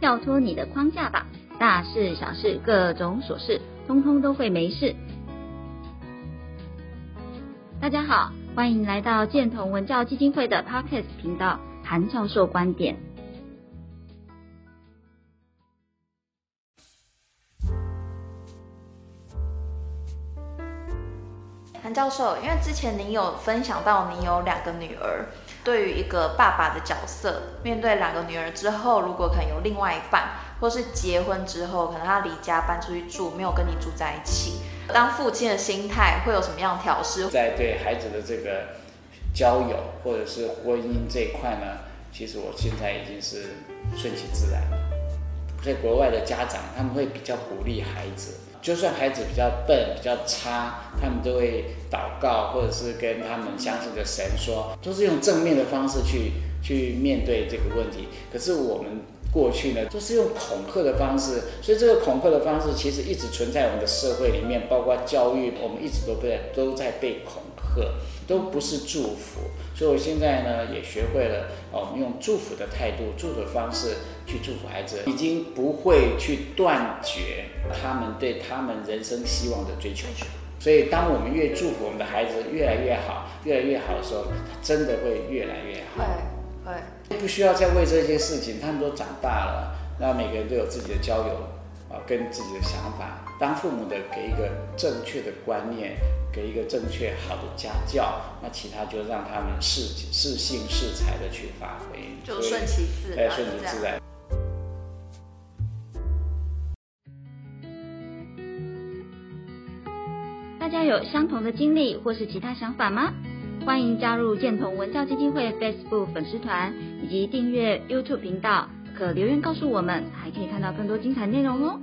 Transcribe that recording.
跳脫你的框架吧，大事小事各種瑣事，通通都會沒事。大家好，歡迎來到劍童文教基金會的 Podcast 頻道，韓教授觀點。韓教授，因為之前您有分享到，您有兩個女兒。對於一個爸爸的角色，面對兩個女兒之後，如果可能有另外一半，或是結婚之後，可能他離家搬出去住，沒有跟你住在一起，當父親的心態會有什麼樣的調適？在對孩子的這個交友或者是婚姻這一塊呢？其實我現在已經是順其自然在國外的家長，他們會比較鼓勵孩子，就算孩子比較笨、比較差，他們都會禱告，或者是跟他們相信的神說，都是用正面的方式去。去面對這個問題，可是我們過去呢，就是用恐嚇的方式，所以這個恐嚇的方式其實一直存在我們的社會裡面，包括教育，我們一直都被都在被恐嚇，都不是祝福。所以我現在呢，也學會了，我們、哦、用祝福的態度、祝福的方式去祝福孩子，已經不會去斷絕他們對他們人生希望的追求。所以，當我們越祝福我們的孩子越來越好、越來越好的時候，他真的會越來越好。對、哎。對，不需要再為這些事情，他們都長大了，那每個人都有自己的交友啊，跟自己的想法。當父母的給一個正確的觀念，給一個正確好的家教，那其他就讓他們適適性適才的去發揮，就順其自然。大家有相同的經歷或是其他想法嗎？歡迎加入建同文教基金會 Facebook 粉絲團，以及訂閱 YouTube 頻道，可留言告訴我們，還可以看到更多精彩內容哦！